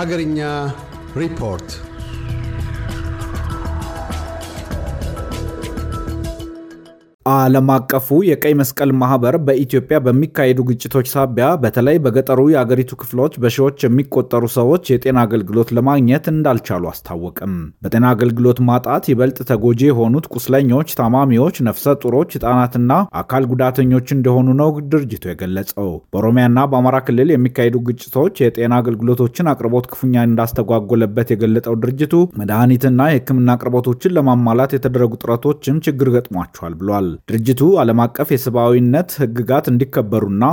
Hagernya Report ዓለም አቀፉ የቀይ መስቀል ማህበር በኢትዮጵያ በሚካሄዱ ግጭቶች ሳቢያ በተለይ በገጠሩ የአገሪቱ ክፍሎች በሺዎች የሚቆጠሩ ሰዎች የጤና አገልግሎት ለማግኘት እንዳልቻሉ አስታወቅም። በጤና አገልግሎት ማጣት ይበልጥ ተጎጂ የሆኑት ቁስለኞች፣ ታማሚዎች፣ ነፍሰ ጡሮች፣ ህጣናትና አካል ጉዳተኞች እንደሆኑ ነው ድርጅቱ የገለጸው። በኦሮሚያና በአማራ ክልል የሚካሄዱ ግጭቶች የጤና አገልግሎቶችን አቅርቦት ክፉኛ እንዳስተጓጎለበት የገለጠው ድርጅቱ መድኃኒትና የህክምና አቅርቦቶችን ለማሟላት የተደረጉ ጥረቶችም ችግር ገጥሟቸዋል ብሏል። ድርጅቱ ዓለም አቀፍ የሰብአዊነት ሕግጋት እንዲከበሩና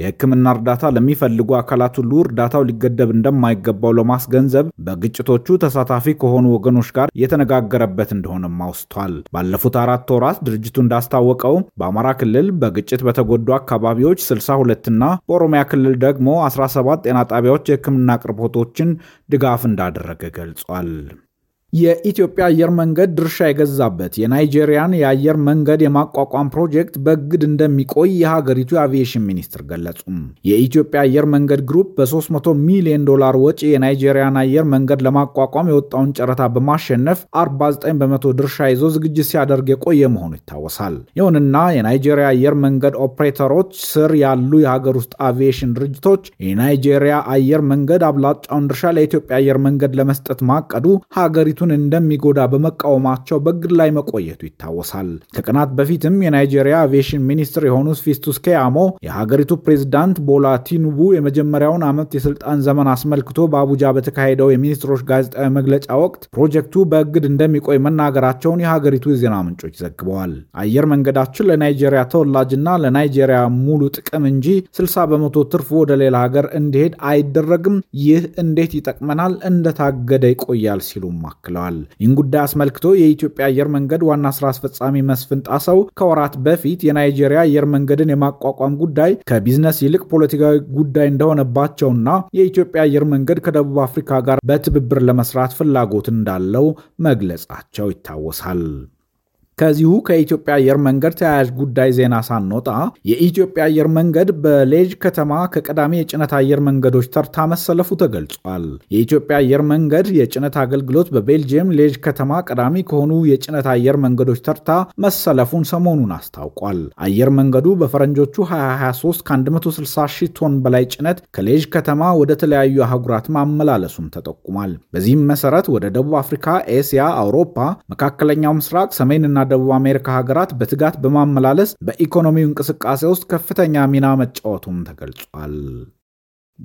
የሕክምና እርዳታ ለሚፈልጉ አካላት ሁሉ እርዳታው ሊገደብ እንደማይገባው ለማስገንዘብ በግጭቶቹ ተሳታፊ ከሆኑ ወገኖች ጋር የተነጋገረበት እንደሆነም አውስቷል። ባለፉት አራት ወራት ድርጅቱ እንዳስታወቀው በአማራ ክልል በግጭት በተጎዱ አካባቢዎች 62ና በኦሮሚያ ክልል ደግሞ 17 ጤና ጣቢያዎች የሕክምና አቅርቦቶችን ድጋፍ እንዳደረገ ገልጿል። የኢትዮጵያ አየር መንገድ ድርሻ የገዛበት የናይጄሪያን የአየር መንገድ የማቋቋም ፕሮጀክት በእግድ እንደሚቆይ የሀገሪቱ የአቪዬሽን ሚኒስትር ገለጹ። የኢትዮጵያ አየር መንገድ ግሩፕ በ300 ሚሊዮን ዶላር ወጪ የናይጄሪያን አየር መንገድ ለማቋቋም የወጣውን ጨረታ በማሸነፍ 49 በመቶ ድርሻ ይዞ ዝግጅት ሲያደርግ የቆየ መሆኑ ይታወሳል። ይሁንና የናይጄሪያ አየር መንገድ ኦፕሬተሮች ስር ያሉ የሀገር ውስጥ አቪዬሽን ድርጅቶች የናይጄሪያ አየር መንገድ አብላጫውን ድርሻ ለኢትዮጵያ አየር መንገድ ለመስጠት ማቀዱ ሀገሪቱ ሀገሪቱን እንደሚጎዳ በመቃወማቸው በእግድ ላይ መቆየቱ ይታወሳል። ከቀናት በፊትም የናይጄሪያ አቪዬሽን ሚኒስትር የሆኑት ፊስቱስ አሞ የሀገሪቱ ፕሬዝዳንት ቦላ ቲኑቡ የመጀመሪያውን ዓመት የስልጣን ዘመን አስመልክቶ በአቡጃ በተካሄደው የሚኒስትሮች ጋዜጣዊ መግለጫ ወቅት ፕሮጀክቱ በእግድ እንደሚቆይ መናገራቸውን የሀገሪቱ የዜና ምንጮች ዘግበዋል። አየር መንገዳችን ለናይጄሪያ ተወላጅና ለናይጄሪያ ሙሉ ጥቅም እንጂ 60 በመቶ ትርፉ ወደ ሌላ ሀገር እንዲሄድ አይደረግም። ይህ እንዴት ይጠቅመናል? እንደታገደ ይቆያል ሲሉም አክለዋል። አክለዋል። ይህን ጉዳይ አስመልክቶ የኢትዮጵያ አየር መንገድ ዋና ስራ አስፈጻሚ መስፍን ጣሰው ከወራት በፊት የናይጄሪያ አየር መንገድን የማቋቋም ጉዳይ ከቢዝነስ ይልቅ ፖለቲካዊ ጉዳይ እንደሆነባቸውና የኢትዮጵያ አየር መንገድ ከደቡብ አፍሪካ ጋር በትብብር ለመስራት ፍላጎት እንዳለው መግለጻቸው ይታወሳል። ከዚሁ ከኢትዮጵያ አየር መንገድ ተያያዥ ጉዳይ ዜና ሳንወጣ የኢትዮጵያ አየር መንገድ በሌጅ ከተማ ከቀዳሚ የጭነት አየር መንገዶች ተርታ መሰለፉ ተገልጿል። የኢትዮጵያ አየር መንገድ የጭነት አገልግሎት በቤልጅየም ሌጅ ከተማ ቀዳሚ ከሆኑ የጭነት አየር መንገዶች ተርታ መሰለፉን ሰሞኑን አስታውቋል። አየር መንገዱ በፈረንጆቹ 2023 ከ160 ሺህ ቶን በላይ ጭነት ከሌጅ ከተማ ወደ ተለያዩ አህጉራት ማመላለሱም ተጠቁሟል። በዚህም መሰረት ወደ ደቡብ አፍሪካ፣ ኤስያ፣ አውሮፓ፣ መካከለኛው ምስራቅ፣ ሰሜንና ደቡብ አሜሪካ ሀገራት በትጋት በማመላለስ በኢኮኖሚው እንቅስቃሴ ውስጥ ከፍተኛ ሚና መጫወቱም ተገልጿል።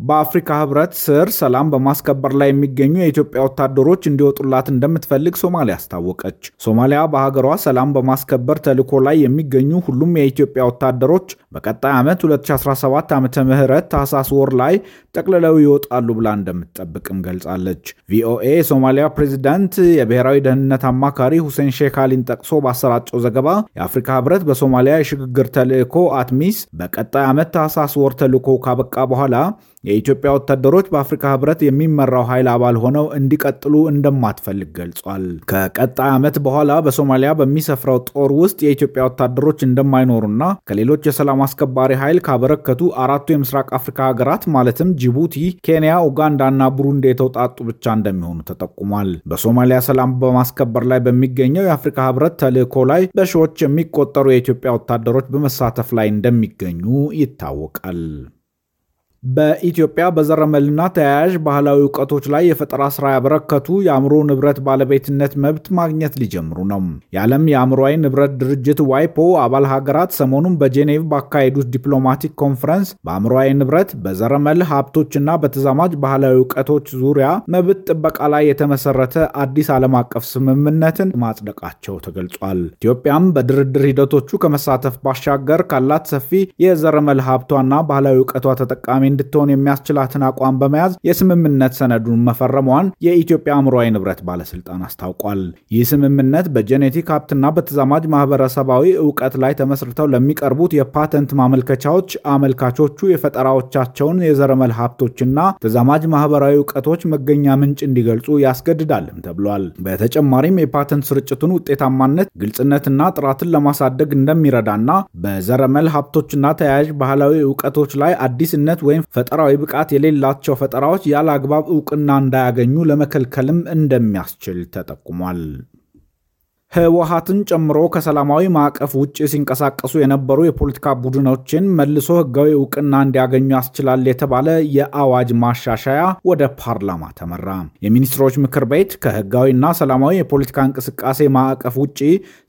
በአፍሪካ ህብረት ስር ሰላም በማስከበር ላይ የሚገኙ የኢትዮጵያ ወታደሮች እንዲወጡላት እንደምትፈልግ ሶማሊያ አስታወቀች። ሶማሊያ በሀገሯ ሰላም በማስከበር ተልዕኮ ላይ የሚገኙ ሁሉም የኢትዮጵያ ወታደሮች በቀጣይ ዓመት 2017 ዓ ም ታህሳስ ወር ላይ ጠቅልለው ይወጣሉ ብላ እንደምትጠብቅም ገልጻለች። ቪኦኤ የሶማሊያ ፕሬዚዳንት የብሔራዊ ደህንነት አማካሪ ሁሴን ሼክ አሊን ጠቅሶ ባሰራጨው ዘገባ የአፍሪካ ህብረት በሶማሊያ የሽግግር ተልዕኮ አትሚስ በቀጣይ ዓመት ታህሳስ ወር ተልዕኮ ካበቃ በኋላ የኢትዮጵያ ወታደሮች በአፍሪካ ህብረት የሚመራው ኃይል አባል ሆነው እንዲቀጥሉ እንደማትፈልግ ገልጿል። ከቀጣይ ዓመት በኋላ በሶማሊያ በሚሰፍረው ጦር ውስጥ የኢትዮጵያ ወታደሮች እንደማይኖሩና ከሌሎች የሰላም አስከባሪ ኃይል ካበረከቱ አራቱ የምስራቅ አፍሪካ ሀገራት ማለትም ጅቡቲ፣ ኬንያ፣ ኡጋንዳና ቡሩንዲ የተውጣጡ ብቻ እንደሚሆኑ ተጠቁሟል። በሶማሊያ ሰላም በማስከበር ላይ በሚገኘው የአፍሪካ ህብረት ተልዕኮ ላይ በሺዎች የሚቆጠሩ የኢትዮጵያ ወታደሮች በመሳተፍ ላይ እንደሚገኙ ይታወቃል። በኢትዮጵያ በዘረመልና ተያያዥ ባህላዊ እውቀቶች ላይ የፈጠራ ስራ ያበረከቱ የአእምሮ ንብረት ባለቤትነት መብት ማግኘት ሊጀምሩ ነው። የዓለም የአእምሮዊ ንብረት ድርጅት ዋይፖ አባል ሀገራት ሰሞኑን በጄኔቭ ባካሄዱት ዲፕሎማቲክ ኮንፈረንስ በአእምሮዊ ንብረት፣ በዘረመል ሀብቶችና በተዛማጅ ባህላዊ እውቀቶች ዙሪያ መብት ጥበቃ ላይ የተመሰረተ አዲስ ዓለም አቀፍ ስምምነትን ማጽደቃቸው ተገልጿል። ኢትዮጵያም በድርድር ሂደቶቹ ከመሳተፍ ባሻገር ካላት ሰፊ የዘረመል ሀብቷና ባህላዊ እውቀቷ ተጠቃሚ እንድትሆን የሚያስችላትን አቋም በመያዝ የስምምነት ሰነዱን መፈረሟን የኢትዮጵያ አእምሯዊ ንብረት ባለስልጣን አስታውቋል። ይህ ስምምነት በጄኔቲክ ሀብትና በተዛማጅ ማህበረሰባዊ እውቀት ላይ ተመስርተው ለሚቀርቡት የፓተንት ማመልከቻዎች አመልካቾቹ የፈጠራዎቻቸውን የዘረመል ሀብቶችና ተዛማጅ ማህበራዊ እውቀቶች መገኛ ምንጭ እንዲገልጹ ያስገድዳልም ተብሏል። በተጨማሪም የፓተንት ስርጭቱን ውጤታማነት፣ ግልጽነትና ጥራትን ለማሳደግ እንደሚረዳና በዘረመል ሀብቶችና ተያያዥ ባህላዊ እውቀቶች ላይ አዲስነት ወይም ወይም ፈጠራዊ ብቃት የሌላቸው ፈጠራዎች ያለ አግባብ እውቅና እንዳያገኙ ለመከልከልም እንደሚያስችል ተጠቁሟል። ህወሀትን ጨምሮ ከሰላማዊ ማዕቀፍ ውጭ ሲንቀሳቀሱ የነበሩ የፖለቲካ ቡድኖችን መልሶ ህጋዊ እውቅና እንዲያገኙ ያስችላል የተባለ የአዋጅ ማሻሻያ ወደ ፓርላማ ተመራ። የሚኒስትሮች ምክር ቤት ከህጋዊና ሰላማዊ የፖለቲካ እንቅስቃሴ ማዕቀፍ ውጭ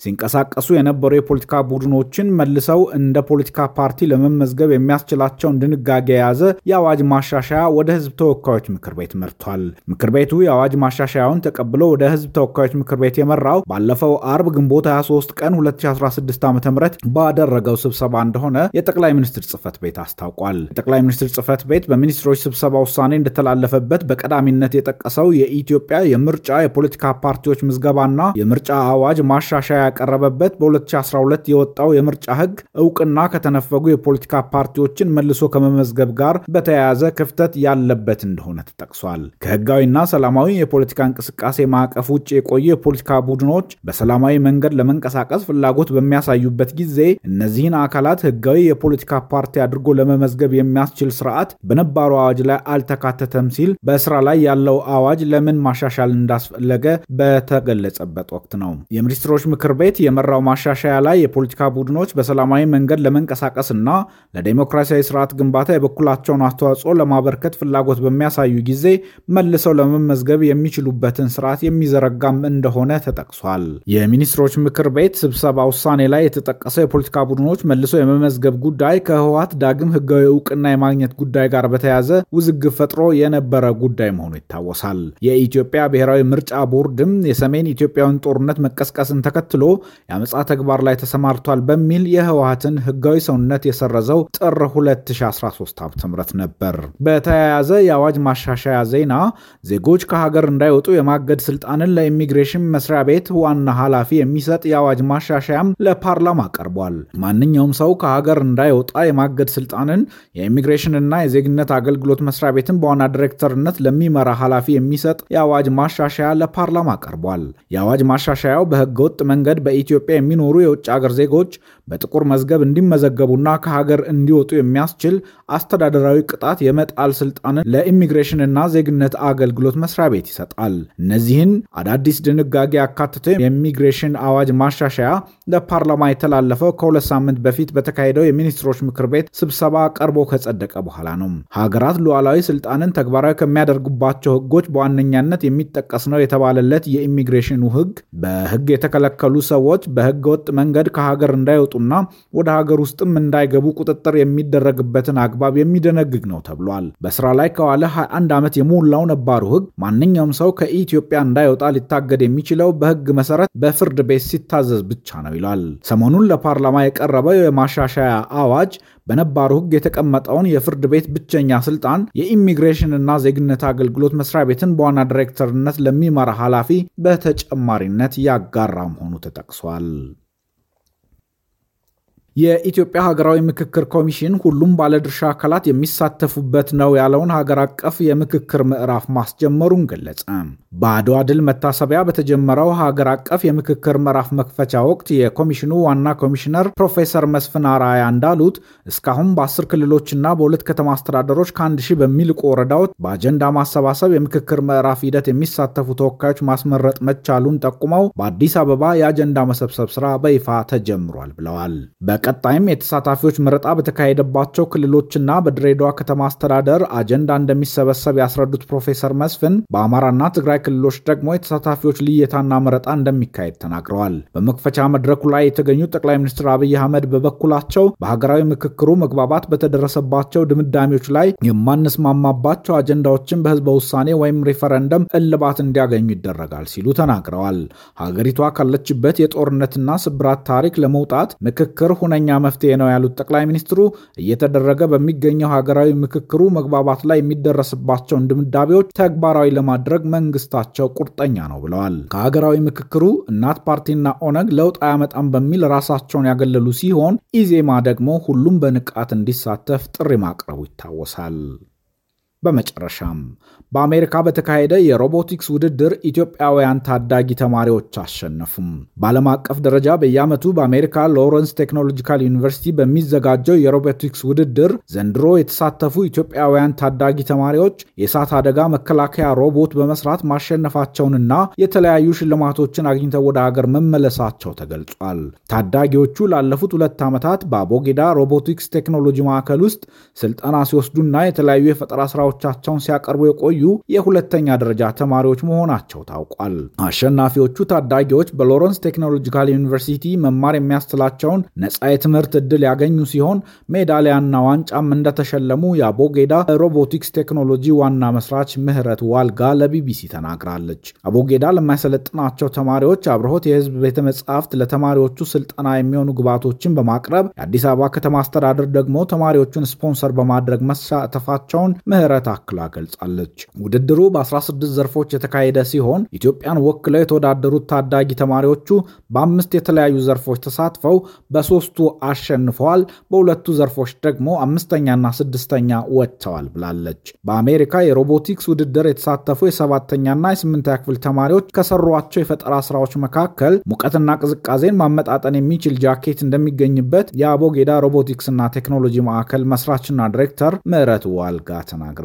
ሲንቀሳቀሱ የነበሩ የፖለቲካ ቡድኖችን መልሰው እንደ ፖለቲካ ፓርቲ ለመመዝገብ የሚያስችላቸውን ድንጋጌ የያዘ የአዋጅ ማሻሻያ ወደ ህዝብ ተወካዮች ምክር ቤት መርቷል። ምክር ቤቱ የአዋጅ ማሻሻያውን ተቀብሎ ወደ ህዝብ ተወካዮች ምክር ቤት የመራው ባለፈው ባለፈው አርብ ግንቦት 23 ቀን 2016 ዓ ም ባደረገው ስብሰባ እንደሆነ የጠቅላይ ሚኒስትር ጽህፈት ቤት አስታውቋል። የጠቅላይ ሚኒስትር ጽህፈት ቤት በሚኒስትሮች ስብሰባ ውሳኔ እንደተላለፈበት በቀዳሚነት የጠቀሰው የኢትዮጵያ የምርጫ የፖለቲካ ፓርቲዎች ምዝገባና የምርጫ አዋጅ ማሻሻያ ያቀረበበት በ2012 የወጣው የምርጫ ህግ እውቅና ከተነፈጉ የፖለቲካ ፓርቲዎችን መልሶ ከመመዝገብ ጋር በተያያዘ ክፍተት ያለበት እንደሆነ ተጠቅሷል። ከህጋዊና ሰላማዊ የፖለቲካ እንቅስቃሴ ማዕቀፍ ውጭ የቆዩ የፖለቲካ ቡድኖች በሰላማዊ መንገድ ለመንቀሳቀስ ፍላጎት በሚያሳዩበት ጊዜ እነዚህን አካላት ህጋዊ የፖለቲካ ፓርቲ አድርጎ ለመመዝገብ የሚያስችል ስርዓት በነባሩ አዋጅ ላይ አልተካተተም ሲል በስራ ላይ ያለው አዋጅ ለምን ማሻሻል እንዳስፈለገ በተገለጸበት ወቅት ነው። የሚኒስትሮች ምክር ቤት የመራው ማሻሻያ ላይ የፖለቲካ ቡድኖች በሰላማዊ መንገድ ለመንቀሳቀስና ለዴሞክራሲያዊ ስርዓት ግንባታ የበኩላቸውን አስተዋጽኦ ለማበርከት ፍላጎት በሚያሳዩ ጊዜ መልሰው ለመመዝገብ የሚችሉበትን ስርዓት የሚዘረጋም እንደሆነ ተጠቅሷል። የሚኒስትሮች ምክር ቤት ስብሰባ ውሳኔ ላይ የተጠቀሰው የፖለቲካ ቡድኖች መልሶ የመመዝገብ ጉዳይ ከህወሓት ዳግም ህጋዊ እውቅና የማግኘት ጉዳይ ጋር በተያያዘ ውዝግብ ፈጥሮ የነበረ ጉዳይ መሆኑ ይታወሳል። የኢትዮጵያ ብሔራዊ ምርጫ ቦርድም የሰሜን ኢትዮጵያውን ጦርነት መቀስቀስን ተከትሎ የአመፃ ተግባር ላይ ተሰማርቷል በሚል የህወሓትን ህጋዊ ሰውነት የሰረዘው ጥር 2013 ዓ.ም ነበር። በተያያዘ የአዋጅ ማሻሻያ ዜና ዜጎች ከሀገር እንዳይወጡ የማገድ ስልጣንን ለኢሚግሬሽን መስሪያ ቤት ዋና ኃላፊ የሚሰጥ የአዋጅ ማሻሻያም ለፓርላማ ቀርቧል። ማንኛውም ሰው ከሀገር እንዳይወጣ የማገድ ስልጣንን የኢሚግሬሽንና የዜግነት አገልግሎት መስሪያ ቤትን በዋና ዲሬክተርነት ለሚመራ ኃላፊ የሚሰጥ የአዋጅ ማሻሻያ ለፓርላማ ቀርቧል። የአዋጅ ማሻሻያው በህገወጥ መንገድ በኢትዮጵያ የሚኖሩ የውጭ ሀገር ዜጎች በጥቁር መዝገብ እንዲመዘገቡና ከሀገር እንዲወጡ የሚያስችል አስተዳደራዊ ቅጣት የመጣል ስልጣንን ለኢሚግሬሽንና ዜግነት አገልግሎት መስሪያ ቤት ይሰጣል። እነዚህን አዳዲስ ድንጋጌ አካትቶ የሚ immigration awaaz mashasha ለፓርላማ የተላለፈው ከሁለት ሳምንት በፊት በተካሄደው የሚኒስትሮች ምክር ቤት ስብሰባ ቀርቦ ከጸደቀ በኋላ ነው። ሀገራት ሉዓላዊ ስልጣንን ተግባራዊ ከሚያደርጉባቸው ህጎች በዋነኛነት የሚጠቀስ ነው የተባለለት የኢሚግሬሽኑ ህግ በህግ የተከለከሉ ሰዎች በህገ ወጥ መንገድ ከሀገር እንዳይወጡና ወደ ሀገር ውስጥም እንዳይገቡ ቁጥጥር የሚደረግበትን አግባብ የሚደነግግ ነው ተብሏል። በስራ ላይ ከዋለ 21 ዓመት የሞላው ነባሩ ህግ ማንኛውም ሰው ከኢትዮጵያ እንዳይወጣ ሊታገድ የሚችለው በህግ መሰረት በፍርድ ቤት ሲታዘዝ ብቻ ነው ይላል። ሰሞኑን ለፓርላማ የቀረበው የማሻሻያ አዋጅ በነባሩ ሕግ የተቀመጠውን የፍርድ ቤት ብቸኛ ስልጣን የኢሚግሬሽንና ዜግነት አገልግሎት መስሪያ ቤትን በዋና ዲሬክተርነት ለሚመራ ኃላፊ በተጨማሪነት ያጋራ መሆኑ ተጠቅሷል። የኢትዮጵያ ሀገራዊ ምክክር ኮሚሽን ሁሉም ባለድርሻ አካላት የሚሳተፉበት ነው ያለውን ሀገር አቀፍ የምክክር ምዕራፍ ማስጀመሩን ገለጸ። በአድዋ ድል መታሰቢያ በተጀመረው ሀገር አቀፍ የምክክር ምዕራፍ መክፈቻ ወቅት የኮሚሽኑ ዋና ኮሚሽነር ፕሮፌሰር መስፍን አራያ እንዳሉት እስካሁን በአስር ክልሎችና በሁለት ከተማ አስተዳደሮች ከአንድ ሺህ በሚልቁ ወረዳዎች በአጀንዳ ማሰባሰብ የምክክር ምዕራፍ ሂደት የሚሳተፉ ተወካዮች ማስመረጥ መቻሉን ጠቁመው በአዲስ አበባ የአጀንዳ መሰብሰብ ስራ በይፋ ተጀምሯል ብለዋል። በቀጣይም የተሳታፊዎች ምረጣ በተካሄደባቸው ክልሎችና በድሬዳዋ ከተማ አስተዳደር አጀንዳ እንደሚሰበሰብ ያስረዱት ፕሮፌሰር መስፍን በአማራና ትግራይ ክልሎች ደግሞ የተሳታፊዎች ልየታና ምረጣ እንደሚካሄድ ተናግረዋል። በመክፈቻ መድረኩ ላይ የተገኙ ጠቅላይ ሚኒስትር አብይ አህመድ በበኩላቸው በሀገራዊ ምክክሩ መግባባት በተደረሰባቸው ድምዳሜዎች ላይ የማንስማማባቸው አጀንዳዎችን በህዝበ ውሳኔ ወይም ሪፈረንደም እልባት እንዲያገኙ ይደረጋል ሲሉ ተናግረዋል። ሀገሪቷ ካለችበት የጦርነትና ስብራት ታሪክ ለመውጣት ምክክር ሁነ ዋነኛ መፍትሄ ነው ያሉት ጠቅላይ ሚኒስትሩ እየተደረገ በሚገኘው ሀገራዊ ምክክሩ መግባባት ላይ የሚደረስባቸውን ድምዳቤዎች ተግባራዊ ለማድረግ መንግስታቸው ቁርጠኛ ነው ብለዋል። ከሀገራዊ ምክክሩ እናት ፓርቲና ኦነግ ለውጥ አያመጣም በሚል ራሳቸውን ያገለሉ ሲሆን ኢዜማ ደግሞ ሁሉም በንቃት እንዲሳተፍ ጥሪ ማቅረቡ ይታወሳል። በመጨረሻም በአሜሪካ በተካሄደ የሮቦቲክስ ውድድር ኢትዮጵያውያን ታዳጊ ተማሪዎች አሸነፉም። በዓለም አቀፍ ደረጃ በየዓመቱ በአሜሪካ ሎረንስ ቴክኖሎጂካል ዩኒቨርሲቲ በሚዘጋጀው የሮቦቲክስ ውድድር ዘንድሮ የተሳተፉ ኢትዮጵያውያን ታዳጊ ተማሪዎች የእሳት አደጋ መከላከያ ሮቦት በመስራት ማሸነፋቸውንና የተለያዩ ሽልማቶችን አግኝተው ወደ ሀገር መመለሳቸው ተገልጿል። ታዳጊዎቹ ላለፉት ሁለት ዓመታት በአቦጌዳ ሮቦቲክስ ቴክኖሎጂ ማዕከል ውስጥ ስልጠና ሲወስዱና የተለያዩ የፈጠራ ስራዎች ስራዎቻቸውን ሲያቀርቡ የቆዩ የሁለተኛ ደረጃ ተማሪዎች መሆናቸው ታውቋል። አሸናፊዎቹ ታዳጊዎች በሎረንስ ቴክኖሎጂካል ዩኒቨርሲቲ መማር የሚያስችላቸውን ነጻ የትምህርት ዕድል ያገኙ ሲሆን ሜዳሊያና ዋንጫም እንደተሸለሙ የአቦጌዳ ሮቦቲክስ ቴክኖሎጂ ዋና መስራች ምህረት ዋልጋ ለቢቢሲ ተናግራለች። አቦጌዳ ለማይሰለጥናቸው ተማሪዎች አብርሆት የህዝብ ቤተ መጻሕፍት ለተማሪዎቹ ስልጠና የሚሆኑ ግብዓቶችን በማቅረብ የአዲስ አበባ ከተማ አስተዳደር ደግሞ ተማሪዎቹን ስፖንሰር በማድረግ መሳተፋቸውን ምህረት ጥረት አክላ ገልጻለች። ውድድሩ በ16 ዘርፎች የተካሄደ ሲሆን ኢትዮጵያን ወክለው የተወዳደሩት ታዳጊ ተማሪዎቹ በአምስት የተለያዩ ዘርፎች ተሳትፈው በሶስቱ አሸንፈዋል። በሁለቱ ዘርፎች ደግሞ አምስተኛና ስድስተኛ ወጥተዋል ብላለች። በአሜሪካ የሮቦቲክስ ውድድር የተሳተፉ የሰባተኛና የስምንተኛ ክፍል ተማሪዎች ከሰሯቸው የፈጠራ ስራዎች መካከል ሙቀትና ቅዝቃዜን ማመጣጠን የሚችል ጃኬት እንደሚገኝበት የአቦጌዳ ሮቦቲክስና ቴክኖሎጂ ማዕከል መስራችና ዲሬክተር ምዕረት ዋልጋ ተናግራል።